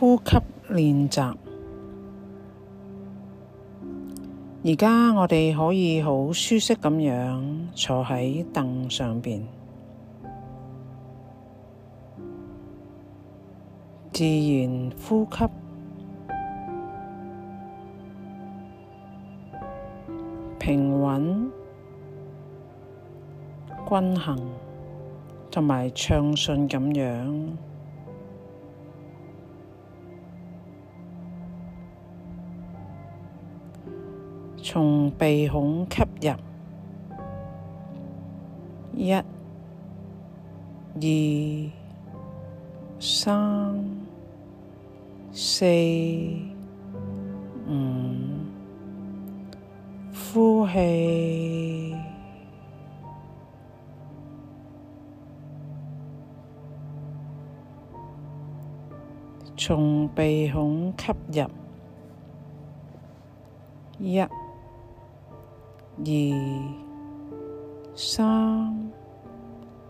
呼吸練習，而家我哋可以好舒適咁樣坐喺凳上邊，自然呼吸，平穩、均衡同埋暢順咁樣。從鼻孔吸入，一、二、三、四、五，呼氣。從鼻孔吸入，一。二、三、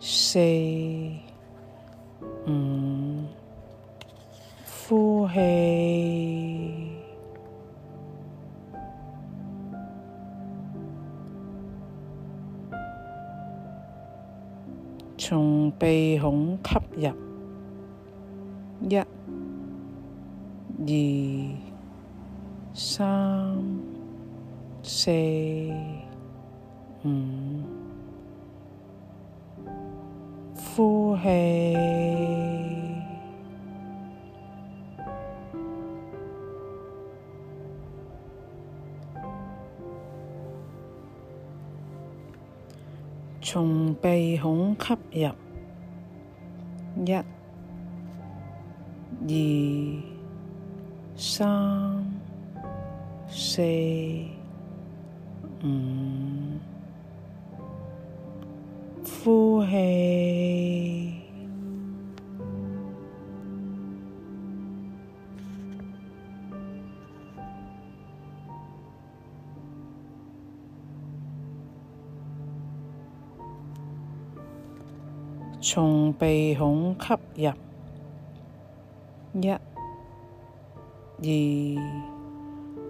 四、五，呼氣，從鼻孔吸入。一、二、三。四、五，呼氣，從鼻孔吸入，一、二、三、四。五、嗯，呼氣， 從鼻孔吸入，一、Yeah. 二、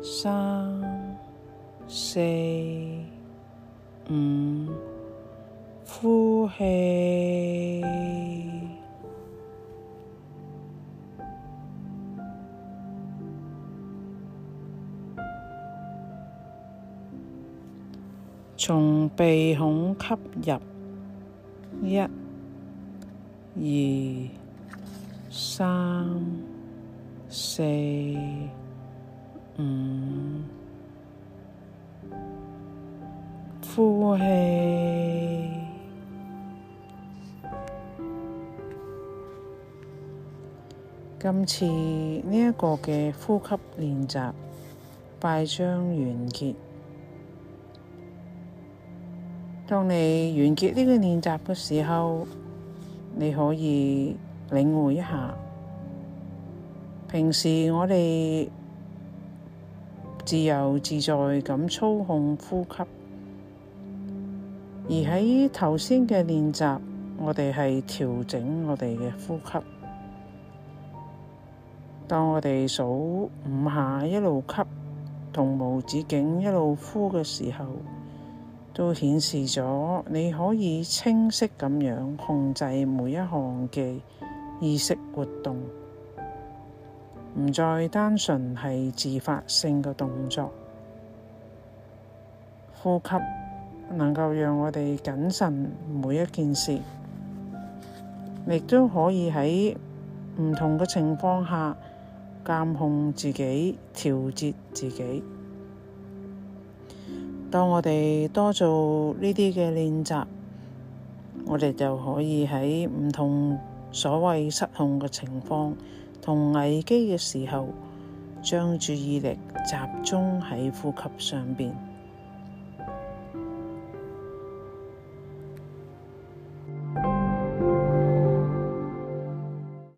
三。四五，呼氣，從鼻孔吸入，一、二、三、四、五。呼氣。今次呢一個嘅呼吸練習快將完結。當你完結呢個練習嘅時候，你可以領會一下，平時我哋自由自在咁操控呼吸。而喺頭先嘅練習，我哋係調整我哋嘅呼吸。當我哋數五下一路吸，同無止境一路呼嘅時候，都顯示咗你可以清晰咁樣控制每一項嘅意識活動，唔再單純係自發性嘅動作呼吸。能夠讓我哋謹慎每一件事，亦都可以喺唔同嘅情況下監控自己、調節自己。當我哋多做呢啲嘅練習，我哋就可以喺唔同所謂失控嘅情況同危機嘅時候，將注意力集中喺呼吸上邊。